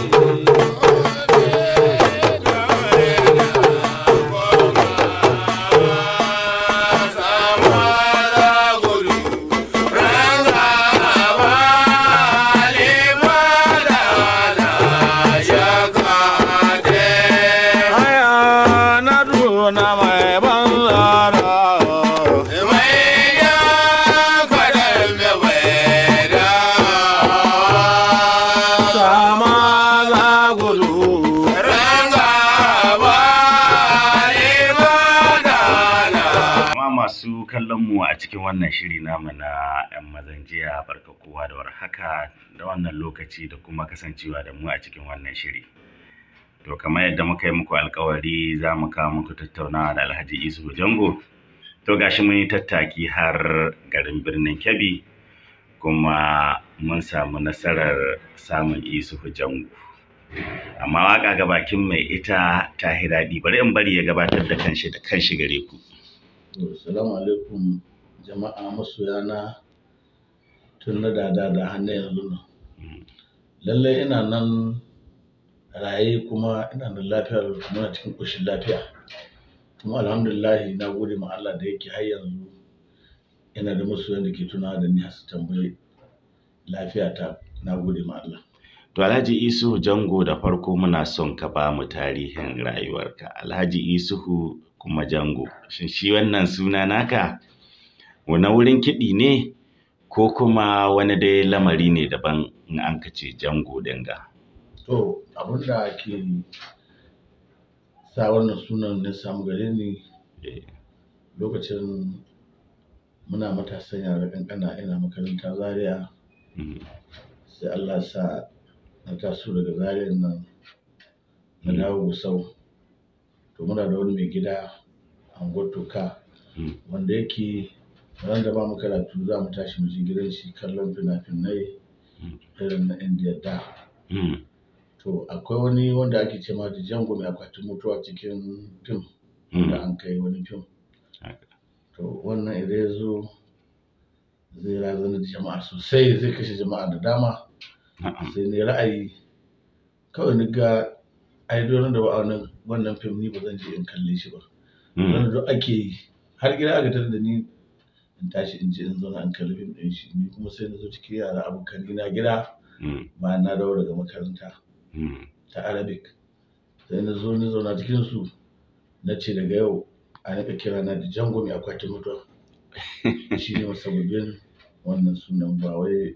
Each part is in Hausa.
Thank mm. you. lokaci da kuma kasancewa da mu a cikin wannan shiri. To kamar yadda muka yi muku alkawari za mu kawo muku tattaunawa da Alhaji Isu Jango. To gashi mun yi tattaki har garin birnin Kebbi kuma mun samu nasarar samun Isu Jango. Amma waka ga bakin mai ita ta daɗi bari in bari ya gabatar da kanshi da kanshi gare ku. Assalamu alaikum jama'a masoyana tun na dada da hannun yanzu nan. Lallai ina nan raye kuma ina nan lafiya muna cikin ƙoshin lafiya. Kuma Alhamdulillah na gode ma Allah da yake har yanzu ina da musu da ke tuna da ni har su tambayi ta Na gode ma Allah. To Alhaji Isuhu Jango da farko muna son ka ba mu tarihin rayuwarka. Alhaji Isuhu kuma Jango. Shin shi wannan suna naka? Wani wurin kiɗi ne ko kuma wani dai lamari ne daban in an ka ce jango dinga to abin da ke sa wannan sunan na samu gare ni eh. lokacin muna matasan yara kankana ina makaranta zaria mm. sai allah sa na taso daga zaria nan na mm. dawo sau. to muna da wani mai gida a toka mm. wanda yake ran da ba mu karatu za mu tashi mu je gidan shi kallon fina-finai irin na indiya da hmm. to akwai wani wanda ake ce ma da jango mai akwatin mutuwa cikin fim hmm. da an kai wani fim to wannan idan ya zo zai razana da jama'a sosai zai kashe jama'a da dama sai ne ra'ayi kawai ni ga ai duk da ba wannan fim ni ba zan je in kalle shi ba wanda hmm. da ake yi har gida aka tattara da ni in tashi in je in zauna in kalli fim ɗin shi ni kuma sai na zo cikin yara abokani na gida hmm. ba na dawo daga makaranta hmm. ta arabic sai na zo ni zauna cikin su na ce daga yau a rika kira na da jango mai akwatin mutuwa shi ne masababin wannan sunan ba wai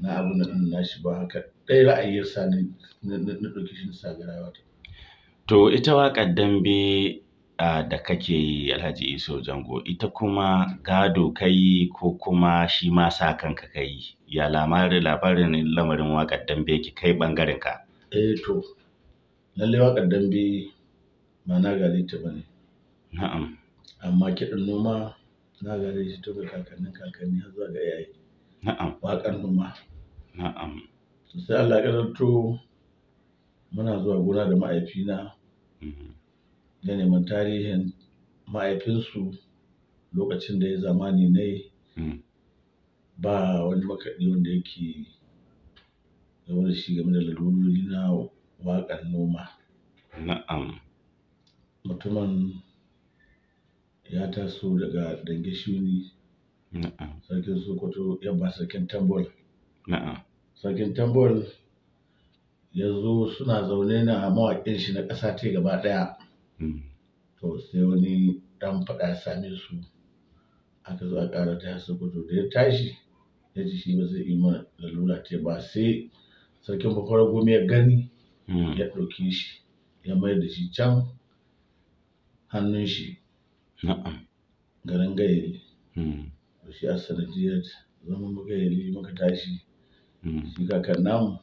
na abu na ɗin nashi ba haka ɗaya ra'ayyar sa na ɗauki shi na sagara wata to ita waƙar dambe da kake yi Alhaji Iso Jango ita kuma gado ka yi ko kuma shi ma sa kanka ka yi. ya lamarin labarin lamarin waƙar dambe ki kai ɓangaren ka. Eh to lalle waƙar dambe ba na gare ta ba ne. Na'am. Amma kiɗan noma na gare shi tun kakannin kakanni har zuwa ga yayi. Na'am. Waƙar noma. Na'am. Sai Allah ya karanto muna zuwa gona da ma'aifina. Mm-hmm. da neman tarihin mahaifinsu lokacin da ya zamani ne hmm. ba wani makaɗi wanda yake game da shi game da lalurori na waƙar noma na'am mutumin ya taso daga dange shuni sarkin sokoto ya ba sarkin tambol sarkin tambol ya zo suna zaune na mawaƙin shi na ƙasa ta gaba ɗaya Hmm. to sai wani ɗan faɗa ya same su aka zo a ƙara ta su gudu da ya tashi ya ji shi ba zai yi mana lalura ce ba sai sarkin bakwara gome ya gani hmm. ya ɗauki shi ya mai da shi can hannun shi garin gayeli da hmm. shi a sanadiyar zama muka yi muka tashi shi kakan namu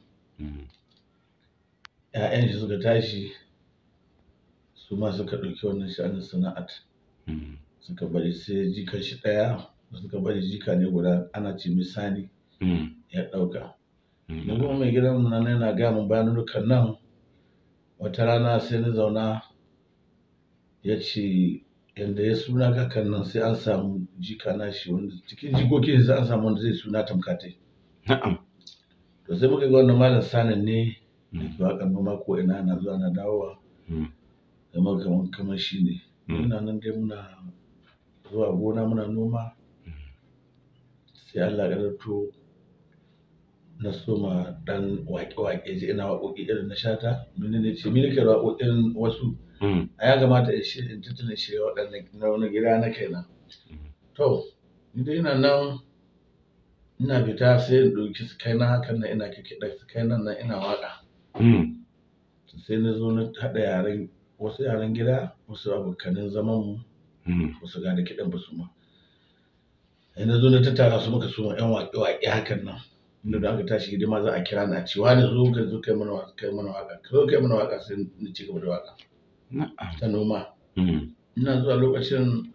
'ya'yan shi suka tashi su ma suka ɗauki wannan sha'anin sana'at hmm. suka bari sai jika shi ɗaya suka bari jika ne guda ana ce misani hmm. ya ɗauka da hmm. kuma mai gidan mu nan yana gaya min dukkan nan wata rana sai na zauna ya ce yadda ya suna kakan nan sai an samu jika na shi wanda cikin jikokin sai an samu wanda zai suna tamkatai na'am to sai muka ga wannan malam sanin ne da ke waƙar noma ko ina na zuwa na dawowa zama kamar shi ne hmm. muna nan dai muna zuwa gona muna noma hmm. sai Allah ya ƙadarto na soma dan waƙe-waƙe ji ina waƙoƙi irin na shata mini ne ce mini ke waƙoƙin wasu hmm. a ya kamata in shi in tattala shi waɗannan na wani gida na kaina to ni dai ina nan ina fita sai in ɗauki su kai na, hakan na ina kikiɗa su kaina na ina waƙa sai na zo na haɗa yaren wasu yaran gida wasu abokanin zaman mu hmm. wasu gane kiɗan ba su ma yanzu zo na tattara su muka suma yan waƙe-waƙe hakan nan inda da aka tashi hidima za a kira na ce wani zo ka zo kai mana waƙa kai mana waƙa ka zo kai mana waƙa sai ni ci gaba da waƙa ta noma hmm. ina zuwa lokacin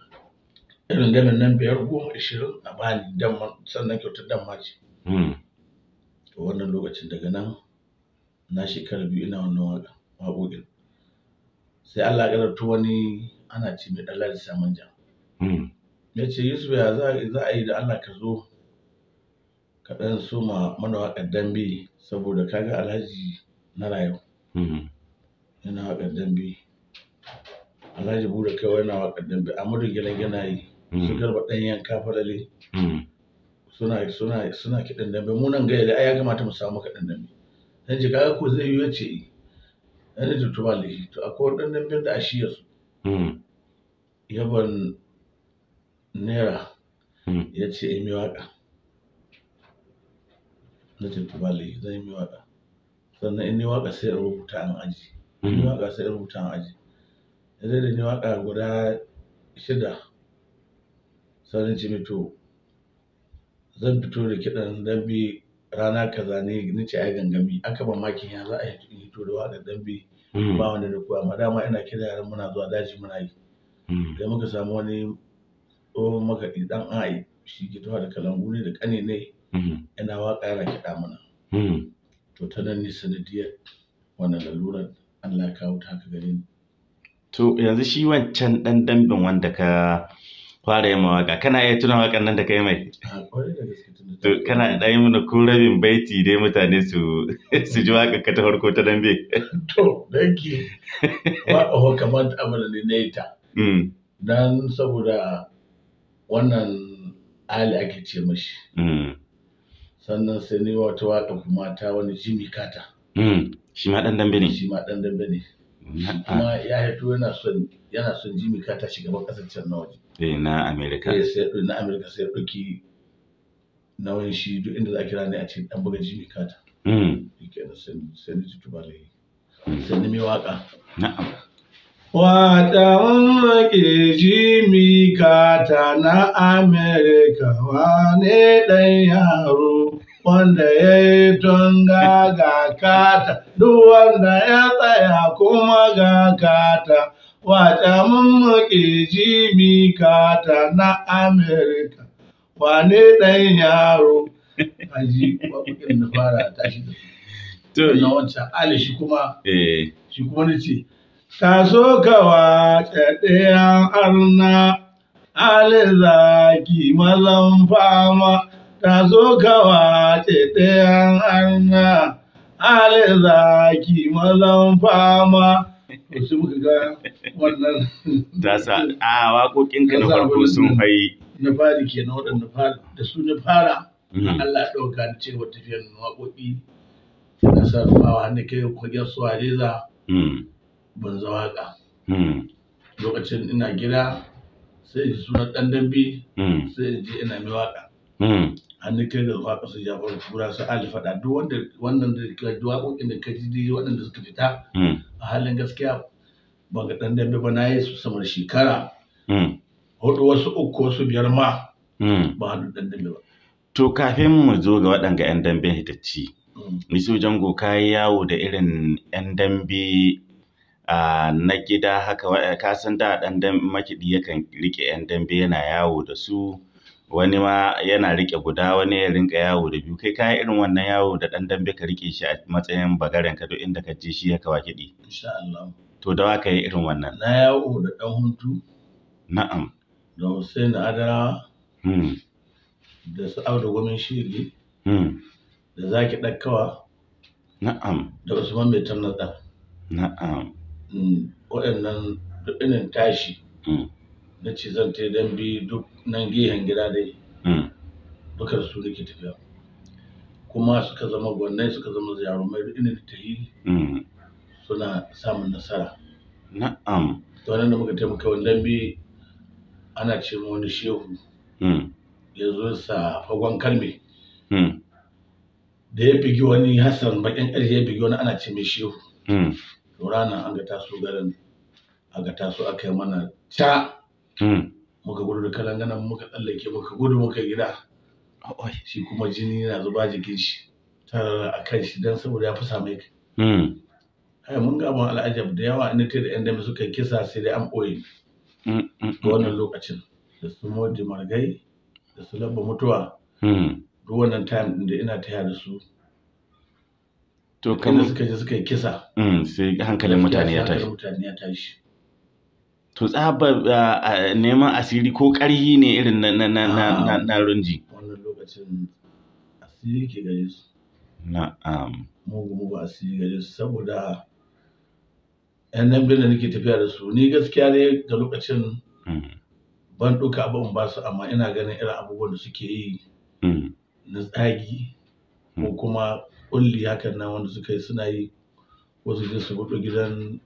irin ganin nan biyar goma ishirin a bani damma sannan kyautar damma ce hmm. to wannan lokacin daga nan na shekara biyu ina wannan waƙa waƙoƙin sai Allah ya garabta wani ana ce mai ɗan sa manja hmm. ya ce yusuf ya za a yi da Allah ka zo ka ɗan soma mana waƙar dambe saboda kaga alhaji na rayu hmm. yana waƙar dambe alhaji bude kai yana waƙar dambe amadu gilan yana yi hmm. Sun garba ɗan yanka suna suna suna kiɗan dambe mu nan gaya da ai ya kamata mu samu kaɗan dambe dan ji kaga ko zai yi ya ce eh. yani to tuma lishi to akwai wani ɗan da a shiyar. su hmm. yaban naira hmm. ya ce yi waƙa na ce tuma lishi zan yi waƙa sannan in yi waƙa sai in rubuta an aji in yi hmm. waƙa sai in rubuta an aji ya zai da ni waƙa guda shida sannan ce to zan fito da kiɗan dan bi rana kaza ne na ce ayi gangami aka mamakin ya za a yi hito da dambe hmm. ba wanda da kuwa amma ina kira yaran muna zuwa daji muna yi hmm. da muka samu wani tsohon makaɗi dan ai shi ke da kalangu ne da ƙane ne hmm. yana waƙa yana kiɗa mana to ta nan ne sanadiyar wannan lalurar Allah ya kawo ta haka gare ni to yanzu shi wancan ɗan dambin wanda ka fara yin mawaka kana iya tuna wakan nan da kai mai to kana da yi mana ko rabin baiti dai mutane su su ji waka ka ta farko ta dambe to you ba a kamar abin ne na yi ta mm. dan saboda wannan ali ake ce mashi mm. sannan sai ni wata waka kuma ta wani jimmy kata mm. shi ma dan dambe ne shi ma dan dambe ne kuma ya hito yana son yana son Jimmy Carter shugaban kasar can na waje eh na America eh sai na America sai dauki nauyin shi duk inda za a kira ne a ce dan buga Jimmy Carter mm kenan sai sai ni tubale hmm. sai ni mai waka na'am Wata wake Jimmy Carter na America wane dan yaro wanda ya yi tun ga kata, duk wanda ya tsaya kuma ga kata, wata mummuki jimi kata na Amerika, wane ɗan yaro, ji ƙwaƙwaƙin da fara tashi da su. Na wancan Ali shi kuma, eh. shi kuma ni ce, ka so ka wace arna, Ali zaki mazan fama. ta zo gawa ce ɗayan ale za ki mazan fama su muka ga wannan da sa a ka na farko sun fai na fari ke na waɗanda fara da su na fara mm-hmm. Allah ɗauka ce wata fiye na waƙoƙi na sarfawa hannu kai kwagiyar su reza. Mm-hmm. ban ka mm-hmm. lokacin ina gida sai su suna ɗan dambe sai ji ina mai waƙa hannun kai da zuwa ƙasar jafaru tura su ali faɗa duk wanda wannan waƙoƙin da ka ji waɗanda suka fita hmm. a halin gaskiya ban ga ɗan dambe ba na yi su samar shekara hmm. hudu wasu uku wasu biyar ma hmm. ba haɗu ɗan dambe ba. to kafin mu zo ga waɗanga 'yan dambe hitacci ni so jango ka yi yawo da irin 'yan dambe na gida haka ka san da ɗan makiɗi yakan riƙe 'yan dambe yana yawo da su. wani ma yana rike guda wani ya rinka yawo da biyu kai kayan irin wannan yawo da dan dambe ka rike shi a matsayin bagaren ka duk inda ka je shi ya kawa kiɗi. Insha Allah. To da waka yi irin wannan. Na yawo da ɗan hutu Na'am. Da Hussein Adarawa. Hmm. Da su Audu Gwamin Shiri. Hmm. Da Zaki Ɗakkawa. Na'am. Da Usman Mai tannada, Na'am. Hmm. Waɗannan duk irin tashi. Hmm. na ce zan ta dan bi duk nan gehen gida dai hmm. dukkan su ke tafiya kuma suka zama gwanai suka zama mai ina da ta suna samun nasara na'am to nan da muka taimaka wannan bi ana ce wani shehu hmm. ya zo sa fagon kalme hmm. da ya bigi wani hassan bakin ƙarshe ya bigi wani ana ce mai shehu to rana an ga taso garin aka taso aka yi mana ta. Hmm. muka gudu da kalanganan muka tsallake muka gudu muka gida shi kuma jini yana zuba jikin shi tarara a kan shi don saboda ya fi same ka hmm. ai mun ga abin al'ajab da yawa inda ta da yan dami suka kisa sai dai an ɓoye a hmm, wannan lokacin da su modi margai da su labba mutuwa duk wannan time din da ina taya da su to kamar suka je suka kisa sai hankalin mutane ya tashi to a neman asiri ko ƙarhi ne irin na na na ah. na na runji wannan lokacin asiri ke gare su na'am mugu mugu asiri gare su saboda yan nan da nake tafiya da su ni gaskiya ne ga lokacin hmm. ban ɗauka abin ba su amma ina ganin irin abubuwan da suke yi hmm. na tsagi ko hmm. kuma ƙulli hakan nan wanda suka yi suna yi wasu je su gudu gidan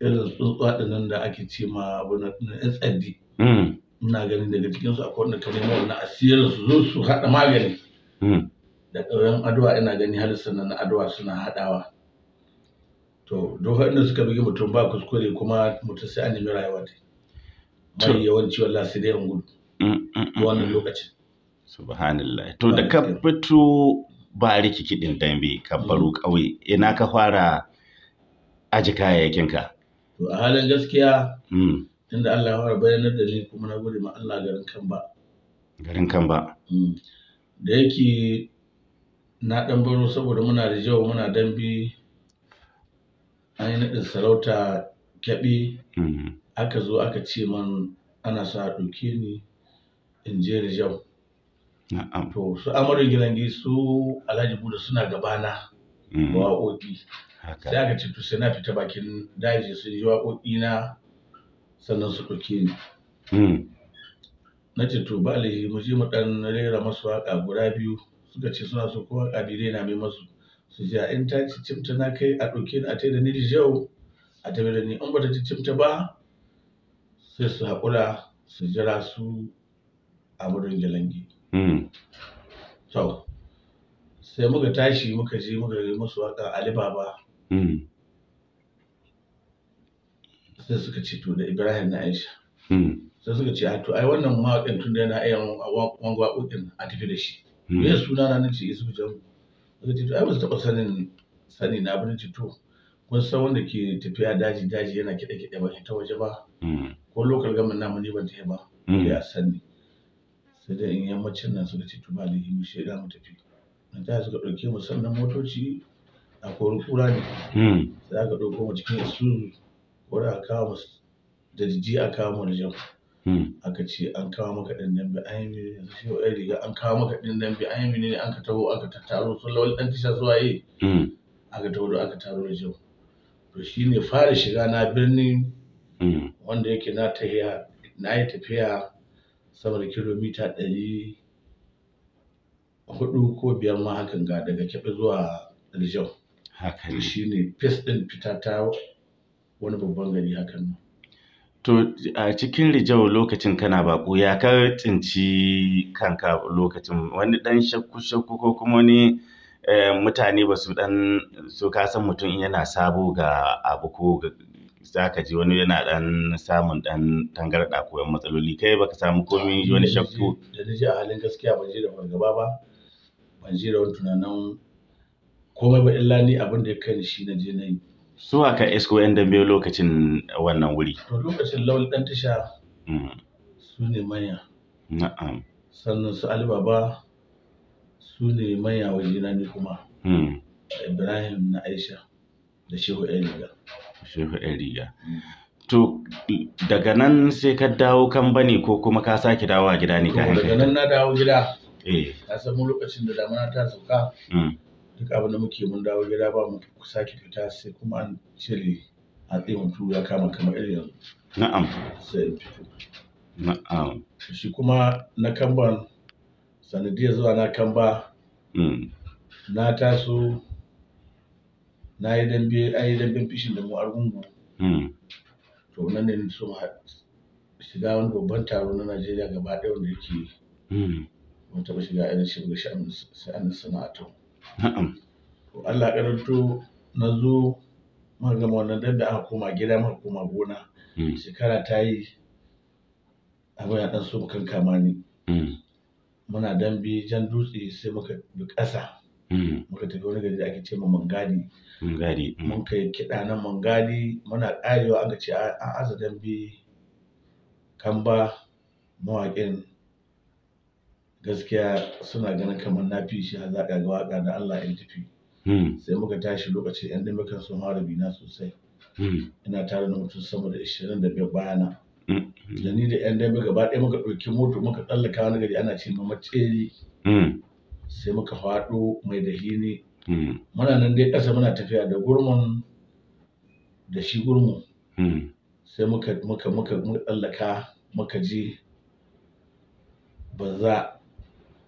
irin tsuntsuwa ɗin da ake ce ma abu na SID. Hmm. Ina ganin daga cikinsu akwai wanda ka nemo wannan asirin su zo su haɗa magani. Hmm. Da ƙauyen Adwa ina gani har sannan na Adwa suna haɗawa. To, duk waɗanda suka bugi mutum ba kuskure kuma mutum sai an nemi rayuwa ta. Mai yawanci wallahi sai dai gudu. Mm, mm, mm, wannan lokacin. Subhanallah. To da ka fito ba rikiki ɗin dambe ka baro ƙauye ina ka fara aji kayayyakinka. to a halin gaskiya hmm. tunda Allah ya fara da ni kuma na gode ma Allah garin kan ba garin kan ba hmm. da yake na dan baro saboda muna da jawo muna dambi an yi naɗin sarauta kyaɓe hmm. aka zo aka ce man ana sa doke ni in je rijau to su amarin gidan su alhaji buda suna gabana wa waƙoƙi sai aka ce to sai na fita bakin daji sun ji waƙoƙi na sannan su ɗauke ni hmm. na ce to ba alaihi mu je mu ɗan rera masu waƙa guda biyu suka ce suna so ko waƙa biyu na mai masu su ji a in ta ci cimta na kai a ɗauke ni a ta da ni yau a tafi da ni in ba ta ci cimta ba sai su haƙura su jira su a wurin gilangi. Hmm. To, sai muka tashi muka je muka yi masu waka Alibaba. Hmm. Sai suka ce to da Ibrahim na Aisha. Hmm. Sai suka ce to ai wannan mawaƙin tun da yana iya wangwaƙoƙin a tafi da shi. Hmm. Me suna na ce isu Jamu. Suka ce to ai ba su taɓa sanin sani na abin ce to kun san wanda ke tafiya daji daji yana kiɗe kiɗe ba ta waje ba. Ko lokal gamin namu ne ban ta ba. Ya sani. Sai da in yammacin nan suka ce to ba yi mu shaida mu tafi. Na ta suka ɗauke mu sannan motoci a kori kura ne hmm. sai aka ɗauko mu cikin suru wani a kawo masu da jiji a kawo mu jam hmm. aka ce an kawo maka ɗin nan bi an ne. yanzu shi wa riga an kawo maka ɗin nan bi an yi ne an ka taho aka tattaro sun lawal ɗan tisha zuwa yi hmm. aka taho da aka taro da jam to shi ne fara shiga na birni wanda yake na tahiya na yi tafiya sama da kilomita ɗari hudu ko biyar ma hakan ga daga kebe zuwa Rijau. hakan shi ne fes ɗin fita ta wani babban gari hakan nan to a cikin rijau lokacin kana baƙo ya ka tsinci kanka lokacin wani dan shakku shakku ko kuma wani eh, mutane ba su dan so ka san mutum yana sabo ga abu ko za ka ji wani yana dan samun dan tangarɗa ko yan matsaloli kai baka samu komai wani shakku da ji a halin gaskiya ban je da fargaba ba ban je da wani tunanin komai ba illa ni abin da ya kai ni shi na je na yi su aka isko yan dambe lokacin wannan wuri to lokacin lawal dan tasha mm. su ne manya na'am sannan su Ali Baba, su ne manya waje na ni kuma mm. ibrahim na aisha da shehu yan riga shehu yan riga mm. to daga nan sai ka dawo kan bane ko kuma ka sake dawo a gida ne ka daga nan na dawo gida eh ka san lokacin da damuna ta sauka duk abin da muke mun dawo gida ba mu sake fita sai kuma an cire a tsayin ya kama kamar irin yanzu na'am sai in fito na'am shi kuma na kamban sanadiyar zuwa na kamba mm. na taso na yi dambe an yi damben fishin da mu argungu mm. to nan ne sun shiga wani babban taro na najeriya gaba ɗaya wanda yake mm. mun taɓa shiga irin shirin sha'anin sana'atu Na'am. To Allah ya kadarto na zo muka gama wannan duk da aka koma gida muka koma gona. Hmm. Shekara ta yi abin ya ɗan so mu kankama ni. Hmm. Muna dambe jan dutse sai muka bi ƙasa. Hmm. muka tafi wani gari da ake ce ma mangadi mangadi mun kai kiɗa na mangadi muna ƙarewa aka ce a aza dambe kamba mawaƙin gaskiya suna ganin kamar na fi shi ga waka da Allah in tafi hmm. sai muka tashi lokacin yan dimikan sun fara bina sosai hmm. ina tare da mutum sama da 25 bayana hmm. da ni da yan dambe gaba ɗaya muka ɗauki moto muka tsallaka wani gari ana ce ma maceri sai muka faɗo mai da muna nan dai ƙasa muna tafiya da gurmun da shi gurmun sai muka muka muka tsallaka muka je ba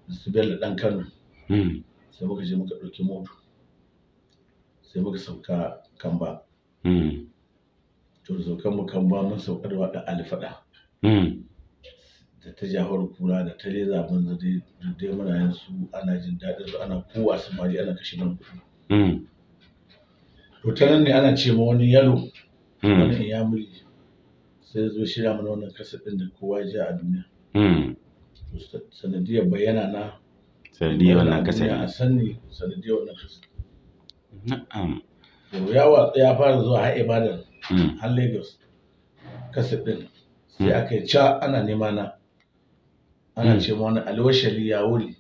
su bello ɗan kano hmm. sai muka je muka ɗauki moto sai muka sauka kamba hmm. to kan mu kamba mun sauka da alfada alfaɗa hmm. da ta jahar kura da ta leza mun da dai muna yin su ana jin daɗin su ana kowa su mari ana kashe nan kuɗi to ta nan ne ana ce ma wani yalo wani iyamuri sai zo shirya mana wannan kasa ɗin da kowa ya a duniya sanadiyar bayyana na sanadiyar wannan kasa ya sani sanadiyar wannan kasari na'am ya ya fara zuwa har ibadan hmm. har lagos Kasa din sai hmm. aka yi ca ana nema na ana hmm. ce ma wani alwashali ya wuri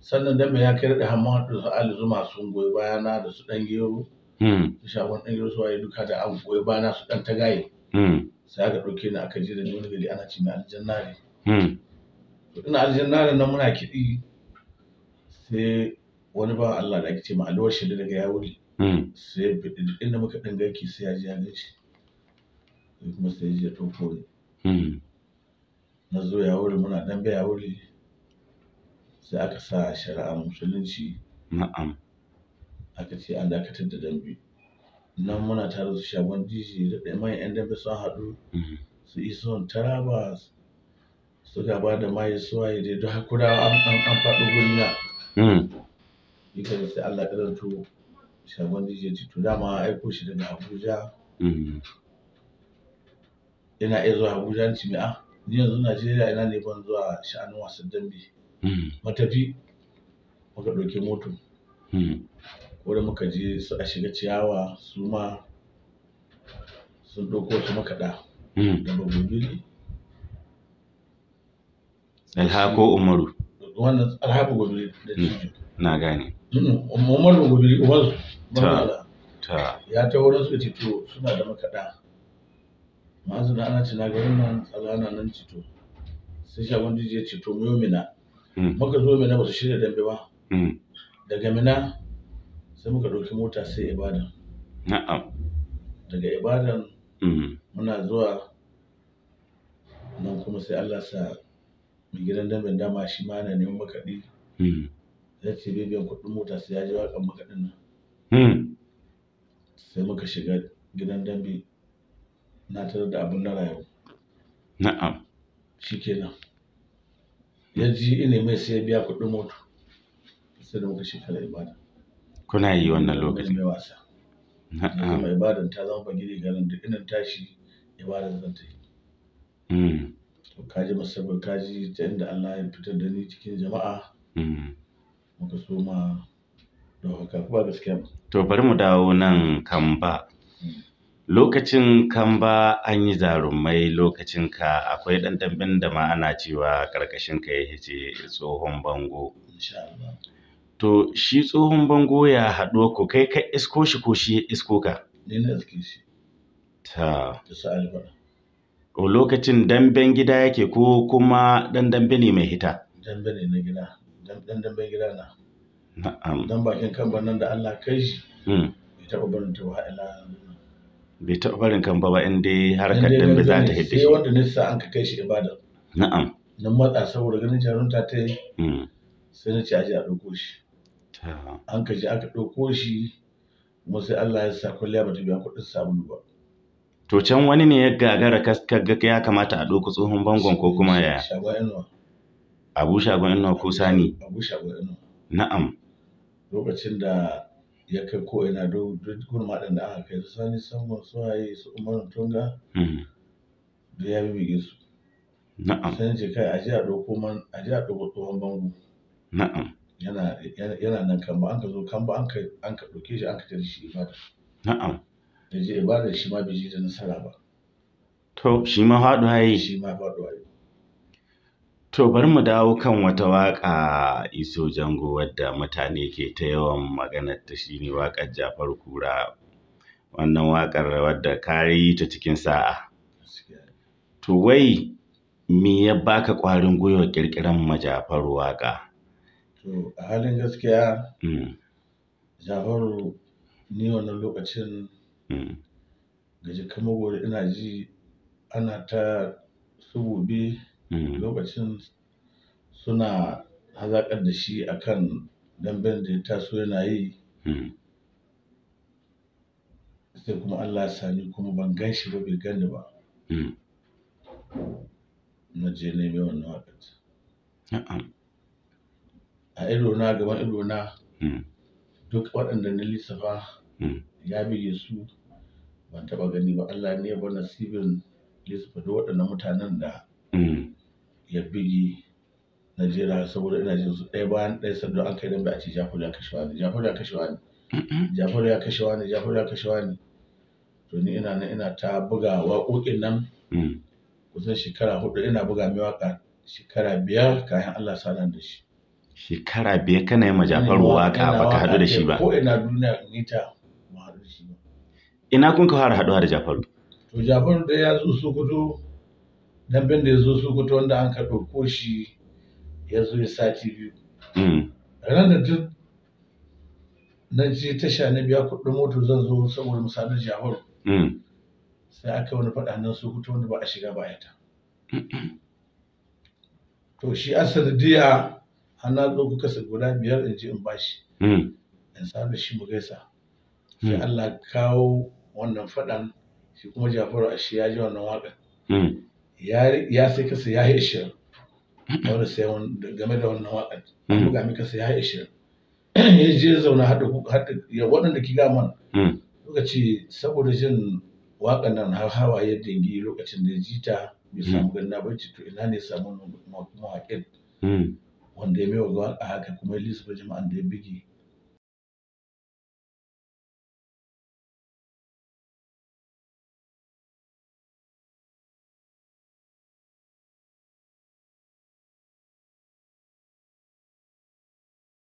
sannan dan ya kai da hamma da su ali zuma goyi bayana da su dan gero su shafan dan gero su waye duka da abu goyi bayana su dan tagaye sai aka ɗauke ni aka je da ni wani gari ana ce mai aljanna ne ina aljanna da nan muna kiɗi sai wani ba Allah da ake ce ma alwar shi daga hmm. ya wuri sai inda muka ɗan garki sai ya ji ya gaishe sai kuma sai ya ɗauko ni hmm. na zo ya wuri muna ɗan bai ya wuri sai aka sa shari'a musulunci na'am aka ce an dakatar da dambe nan muna tare da shagon jiji da ɗaya manyan 'yan dambe sun haɗu hmm. su iso taraba su ba da maye suwaye dai duk hakura an faɗo guri na hmm. ita da sai Allah karanto shagon DJ Tito dama aiko shi daga Abuja hmm. ina iya zuwa Abuja ni ce a ah, ni yanzu Najeriya ina ne ban zuwa sha'anin wasan dambe matafi hmm. muka ɗauki moto ko da muka je su a shiga ciyawa su ma sun ɗauko su makaɗa da alhaku umaru wannan alhaku gobe hmm, na gane hmm, umaru gobe umaru ta ta ya ta wurin suka ce to suna da makaɗa ma'azu da ana cina garin nan tsala nan cito sai shagon jijiyar cito mu mina hmm. muka zo mina ba su shirya dambe ba daga mina sai muka ɗauki mota sai ibadan daga ibadan muna zuwa nan kuma sai allah sa mai gidan damben dama shi ma yana neman makaɗi hmm. ya ce bai biyan kuɗin mota sai ya ji waƙan makaɗin nan hmm. sai muka shiga gidan dambe na tarar da abin na rayu na'am shi nan ya ji ina mai sai ya biya kuɗin mota sai da muka shekara ibada kuna yi wannan lokacin mai wasa na'am mai ibadan ta zama bagire garin duk inan tashi ibada zan ta yi hmm. kaji masabar kaji ta inda Allah ya fitar da ni cikin jama'a. Hmm. Muka so ma da haka ba gaskiya ba. To bari mu dawo nan kan ba hmm. Lokacin kan ba an yi zarumai lokacin ka akwai dan ɗanbin da ma ana cewa karkashin ka ya hice tsohon bango. To shi tsohon bango ya haɗo ko kai ka isko shi ko shi isko ka? Ni na shi. Ta. Ta sa albarka. lokacin damben gida yake ko kuma ɗan dambe ne mai hita? Dambe ne na gida, ɗan damben gida na. Na'am. Dan bakin kan nan da Allah kai shi. Hmm. Bai taɓa barin ta ba ila bai taɓa barin kan ba ba in dai harkar dambe za ta hita shi. Sai wanda nisa an ka kai shi ibada Na'am. Nan matsa saboda ganin jarunta ta yi. Hmm. Sai na ce aje a ɗauko shi. An kaji aka ɗauko shi. Kuma sai Allah ya sa kwalliya ba ta biya kuɗin sabulu ba. to can wani ne ya gagara kaga ya kamata a ɗauki tsohon bangon ko kuma yaya abu shagon inuwa ko sani abu na'am lokacin da ya kai ko ina duk gurma ɗin da aka kai su sani samun su haye su umarin tunga hmm. da ya bi bige su na'am sani ce kai aje a ɗauko man aje a ɗauko tsohon bango na'am yana yana nan kan ba an ka zo kan ba an ka ɗauke shi an ka tare shi ibada na'am ya je ibada shi ma bai ji da nasara ba to shi ma faɗuwa yi shi ma faɗuwa yi To bari mu dawo kan wata waƙa Iso Jango wadda mutane ke ta yawan maganar ta shi ne waƙar Jafar Kura. Wannan waƙar wadda ka ta cikin sa'a. To wai me ya baka ƙwarin gwiwa ƙirƙiran ma waƙa? To a halin gaskiya hmm. Jafar ni wannan lokacin gaji hmm. kamar ina ji ana ta su gobe hmm. lokacin suna hazaƙar da shi akan damben da ya taso yana yi hmm. sai kuma Allah sani kuma ban gan shi ba bai gani ba na je na yi wannan wakati. a ido na gaban ido na duk waɗanda na lissafa ya bige su ban taɓa gani ba Allah ne ba nasibin lissafa da waɗannan mutanen da hmm. ya bigi na jera saboda ina jin su ɗaya bayan ɗaya sannan an kai dan ba a ce jafaru ya kashe wani jafaru ya kashe wani jafaru ya kashe wani jafaru ya kashe wani to ni ina nan ina ta buga waƙoƙin nan hmm. kusan shekara hudu ina buga mai waƙa shekara biyar kayan Allah sanar da shi shekara biyar kana yi ma jafaru waƙa baka haɗu da shi ba ko ina duniya ni ta ma haɗu da shi ba ina kun ka fara haɗuwa da jafaru to jafaru da ya zo sokoto dan da ya zo sokoto wanda an ka ɗauko shi ya zo ya sati biyu hmm. ranar da duk na je tasha na biya kuɗin moto zan zo saboda misalin jafaru hmm. sai aka wani faɗa nan sokoto wanda ba a shiga ba ta to shi ana zo kuka kasa guda biyar in je in bashi hmm. in sa da shi mu gaisa sai Allah kawo wannan faɗan shi kuma jafaru a shi ya ji wannan waƙa hmm. ya sai kasa ya yi ishirin wanda sai game da wannan waƙar hmm. ga mi kasa ya yi ishirin ya je zauna haɗa ya waɗanda ki gaman lokaci hmm. saboda jin waƙan nan har ya dingi lokacin da ya ji ta bai samu ganna ba to ina ne samu mawaƙin wanda ya mai waƙa haka kuma ya lisa jama'an da ya bigi